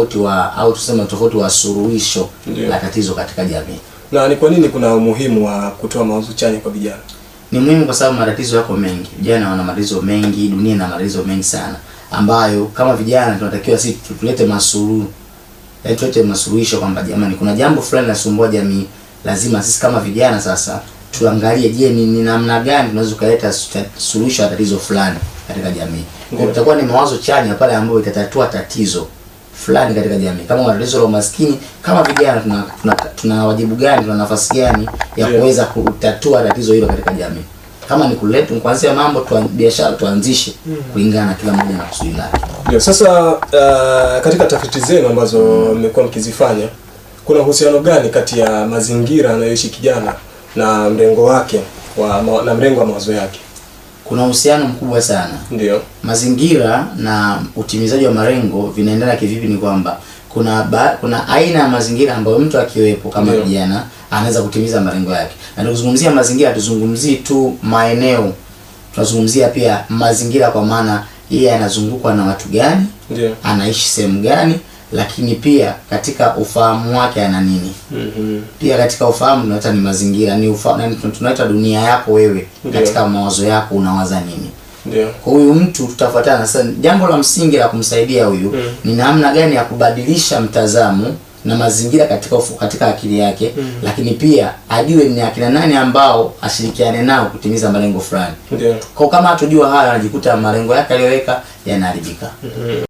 utofauti wa au tuseme utofauti wa suluhisho la tatizo katika jamii. Na ni kwa nini kuna umuhimu wa kutoa mawazo chanya kwa vijana? Ni muhimu kwa sababu matatizo yako mengi, vijana wana matatizo mengi, dunia ina matatizo mengi sana, ambayo kama vijana tunatakiwa sisi tulete masuru yaani tulete masuluhisho kwamba jamani, kuna jambo fulani linasumbua jamii, lazima sisi kama vijana sasa tuangalie, je, ni, ni namna gani tunaweza kuleta suluhisho ya tatizo fulani katika jamii. Kwa hiyo itakuwa ni mawazo chanya pale ambayo itatatua tatizo fulani katika jamii, kama matatizo la umaskini, kama vijana tuna, tuna, tuna wajibu gani, tuna nafasi gani ya yeah, kuweza kutatua tatizo hilo katika jamii. Kama ni kuletu kuanzia mambo tu biashara tuanzishe hmm. kulingana na kila mmoja na kusudi lake. Yeah, sasa uh, katika tafiti zenu ambazo mmekuwa mm mkizifanya kuna uhusiano gani kati ya mazingira anayoishi kijana na mrengo wake wa, na mrengo wa mawazo yake? kuna uhusiano mkubwa sana. Ndio. Mazingira na utimizaji wa malengo vinaendana kivipi? Ni kwamba kuna ba, kuna aina ya mazingira ambayo mtu akiwepo kama kijana anaweza kutimiza malengo yake. Na tukizungumzia mazingira tuzungumzii tu maeneo, tunazungumzia pia mazingira kwa maana yeye anazungukwa na watu gani, anaishi sehemu gani lakini pia katika ufahamu wake ana nini. mm -hmm. Pia katika ufahamu unaita ni mazingira, ni ufahamu tunaita dunia yako wewe. Ndiyo. Katika mawazo yako unawaza nini? Ndiyo. Kwa huyu mtu tutafuatana sasa. Jambo la msingi la kumsaidia huyu mm. ni namna gani ya kubadilisha mtazamo na mazingira katika ufu, katika akili yake mm. Lakini pia ajue ni akina nani ambao ashirikiane nao kutimiza malengo fulani. yeah. Kwa kama hatujua haya, anajikuta malengo yake aliyoweka yanaharibika. mm -hmm.